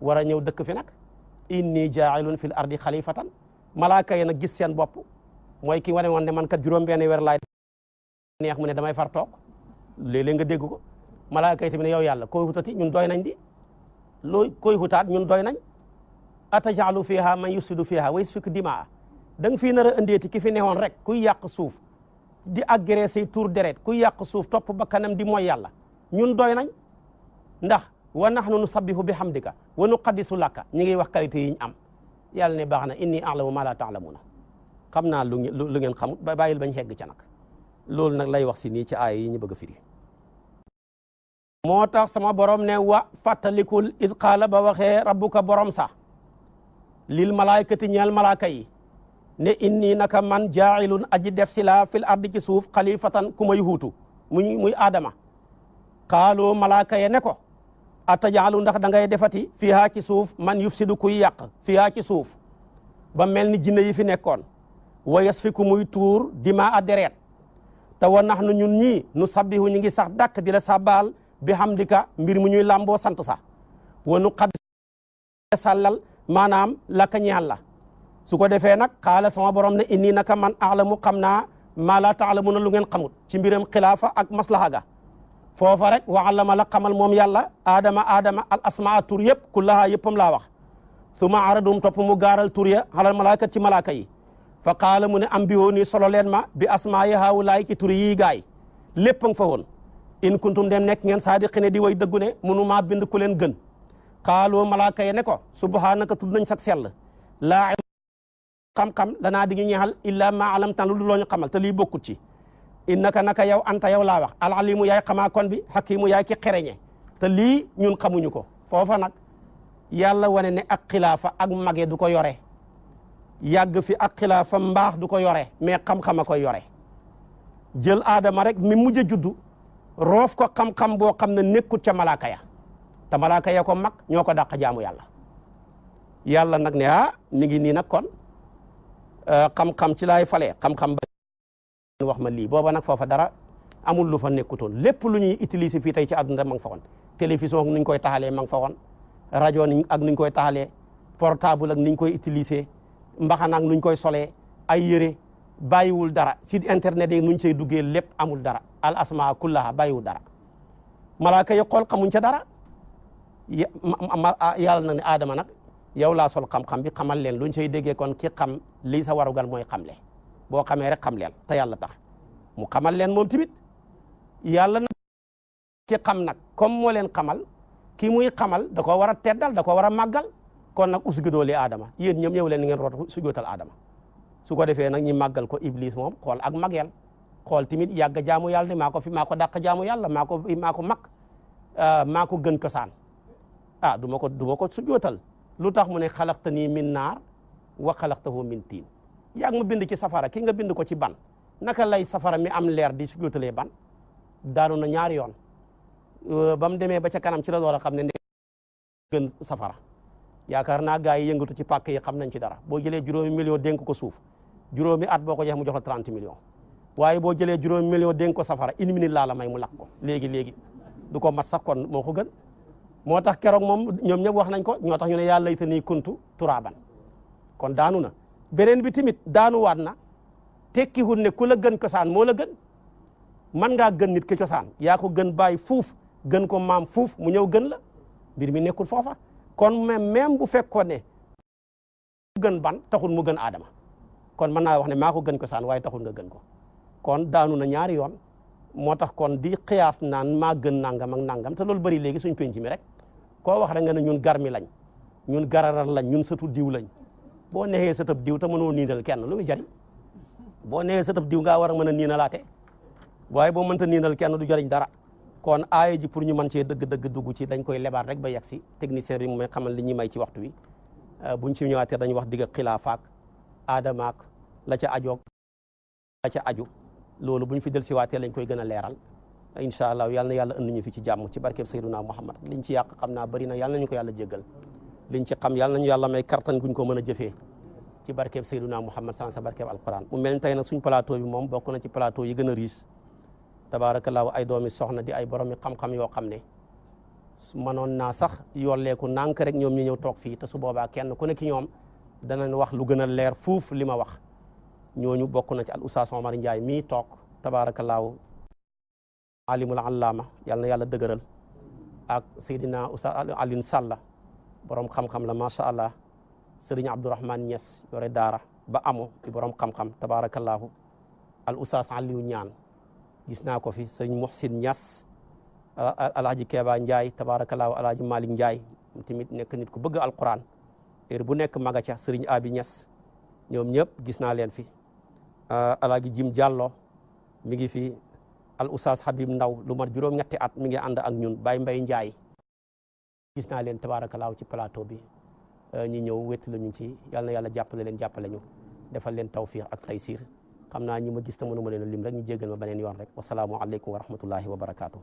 war a ñëw dëkk fi nag inni jaailun fil ardi xalifatan malaaka yi nag gis seen bopp mooy ki wane woon ne man kat juróom-benn weer laay neex mu ne damay far toog léeg nga dégg ko malaaka yi tamit ne yow yàlla koy xutati ñun doy nañ di loo koy xutaat ñun doy nañ atajaalu fiha man yusidu fiha wa yasfiku dimaa da nga fii nar a indeeti ki fi newoon rek ku yàq suuf di agressé say tuur deret kuy yàq suuf topp ba kanam di mooy yàlla ñun doy nañ ndax wa nahnu nusabbihu bihamdika wa nuqaddisu laka ñi ngi wax qualité yi ñu am yàlla ne baax na inni a'lamu ma la ta'lamuna xam naa lu lu ngeen xamut ba bàyyil bañ xegg ca nag loolu nag lay wax si nii ci aaya yi ñu bëgg a firi moo tax sama borom ne wa fàttalikul id qaala ba waxee rabbuka borom sa lil malaykati ñeel malaaka yi ne inni naka man jaa'ilun aji def si laa fil ardi ci suuf xalifatan ku may huutu muy muy aadama xaaloo malaaka ye ne ko atajaalu ndax da ngay defati fiihaa ci suuf man yufsidu kuy yàq fiihaa ci suuf ba mel ni jinne yi fi nekkoon wa yasfiku muy tuur dima a deret te wa nax nu ñun ñii nu sabbihu ñu ngi sax dàkk di la sàbbaal bi hamdika mbir mu ñuy làmboo sant sax wa nu xad sàllal maanaam laka ñeel la su ko defee nag xaala sama borom ne inni naka man aalamu xam naa maa laa taalamuuna lu ngeen xamut ci mbiram xilaafa ak maslaha ga foofa rek waxal ma la xamal moom yàlla adama adama al asmaa tur yëpp kullaha yëppam laa wax suma aradum topp mu gaaral tur ya xalal malaakat ci malaaka yi fa qaala mu ne am bi woo nii solo leen ma bi asmaa yi haawulaay ci tur yii gaay lépp nga fa woon in kuntum dem nekk ngeen saadiqi ne di way dëggu ne munu maa bind ku leen gën xaaloo malaaka yi ne ko subhaanaka tudd nañ sax sell laa xam-xam lanaa di ñu ñeexal illa ma alamtan lu loo ñu xamal te lii bokkut ci innaka naka yow anta yow laa wax al alimu yaay xamaa kon bi hakimu yaay ki xereñe te lii ñun xamuñu ko foofa nag yàlla wane ne ak xilaafa ak mage du ko yore yàgg fi ak xilaafa mbaax du ko yore mais xam-xam ko yore jël aadama rek mi mujj judu juddu roof ko xam-xam boo xam ne nekkut ca malaaka ya te malaaka ya ko mag ñoo ko dàq jaamu yàlla yàlla nag ne ah ngi nii kon euh, xam-xam ci laay fale xam-xam ba wax ma lii booba nag foofa dara amul lu fa nekkutoon lépp lu ñuy utiliser fii tey ci àdduna ma ngi foxon woon télévision ak nuñ koy taxalee ma ngi fa woon rajo ak nuñ koy taxalee portable ak nuñ koy utiliser mbaxana ak koy solee ay yére bàyyiwul dara site internet yi nuñ cey duggee lépp amul dara al asmaa kullaha bàyyiwul dara malaaka yi xool xamuñ ca dara ah, yàlla nag ne aadama nag yow laa sol xam-xam bi xamal leen luñ cey déggee kon ki xam lii sa warugal mooy xamle boo xamee rek xam leen te yàlla tax mu xamal leen moom tamit yàlla nag ki xam nag comme moo leen xamal ki muy xamal da koo war a teddal da koo war a màggal kon nag usjudoo li aadama yéen ñoom ñëw leen ni ngeen root sujootal adama su ko defee nag ñi màggal ko iblis moom xool ak mageel xool tamit yàgg jaamu yàlla ne maa ko fi maa ko dàq jaamu yàlla maa ko maa ko mag ah, maa ko gën kosaan ah duma ko du ko sujootal lu tax mu ne xalaqta nii min naar wa xalaqtahu min tiin yaa ngi ma bind ci safara ki nga bindi ko ci ban naka lay safara mi am leer di su jóotalee ban daanu na ñaari yoon euh, ba mu demee ba ca kanam ci la door a xam ne ndee gën safara yaakaar naa gars yi yëngatu ci pàkk yi xam nañ ci dara boo jëlee juróomi million dénk ko suuf juróomi at boo ko jeex mu jox la trent million waaye boo jëlee juróomi million dénk ko safara une minute laa la may mu lakk ko léegi léegi du ko mat sax kon moo ko gën moo tax keroog moom ñoom ñëpp wax nañ ko ñoo tax ñu ne yaa layta nii kuntu turaaban kon daanu beneen bi tamit daanuwaat na tekkiwul ne ku gën cosaan moo la gën man ngaa gën nit ki cosaan yaa ko gën bàyyi fuuf gën ko maam fuuf mu ñëw gën la mbir mi nekkul foofa kon même même bu fekkoon ne gën ban taxul mu gën aadama kon mën naa wax ne maa ko gën cosaan waaye taxul nga gën ko kon daanu na ñaari yoon moo tax kon di xiyaas naan maa gën nangam ak nangam te loolu bëri léegi suñ penc mi rek koo wax rek nga ne ñun mi lañ ñun gararal lañ ñun sëtu diw lañ boo neexee sa tëb diw te mënoo niinal kenn lu muy jariñ boo neexee sa tëb diw ngaa war a mën a niinalaate waaye boo mënta niinal kenn du jariñ dara kon aaya ji pour ñu mën cee dëgg-dëgg dugg ci dañ koy lebaat rek ba yegg si technicien bi mu may xamal li ñuy may ci waxtu wi euh, buñ ci ñëwaatee dañuy wax digg xilaafaak aadamaak la ca ajoog la ca aju loolu bu ñu fi dellusiwaatee lañ koy gën a leeral incha allah yal na yàlla nu ñu fi ci jàmm ci barkeeb sayyiduna Muhammad liñ ci yàq xam naa bëri na yal na ko yàlla jéggal liñ ci xam yàlla nañu yàlla may kartan guñ ko mën a jëfee ci barkeeb Seydouna Muhammad san sa barkeeb alquran mu mel ni tey nag suñ plateau bi moom bokk na ci plateau yi gën a riche tabaarakallaahu ay doomi soxna di ay boromi xam-xam yoo xam ne mënoon naa sax yolleeku nànk rek ñoom ñu ñëw toog fii te su boobaa kenn ku ne ki ñoom danañ wax lu gën a leer fuuf li ma wax ñooñu bokk na ci al oustaz Omar Ndiaye mii toog tabaarakallaahu alimul allaama yàlla na yàlla dëgëral ak Seydina oustaz Alioune Sall borom xam-xam la macha allah sëriñ Abdourahman Niass yore daara ba amoo boroom borom xam-xam tabaarakallaahu al oustaz Aliou Ñaan gis naa ko fi sëñ Muhsin Niass alhaji ah, ah, Keeba Ndiaye tabaarakallaahu alhaji Malick Ndiaye tamit nekk nit ku bëgg alquran heure bu nekk maga ca sëriñ Abi Niass ñoom ñëpp gis naa leen fi alhaji ah, Jim Diallo mi ngi fi al oustaz Habib Ndaw lu mat juróom-ñetti at mi ngi ànd ak ñun bay Mbaye Ndiaye. gis naa leen tabaarakalaaw ci plateau bi euh, ñi ñëw wétlu ñu ci yal na yàlla jàppale leen jàppale ñu defal leen tawfiq ak taysiir xam naa ñi ma gis te mënuma leen a lim rek ñu jéggal ma beneen yoon rek wasalaamualeykum wa rahmatullahi wa barakaatu.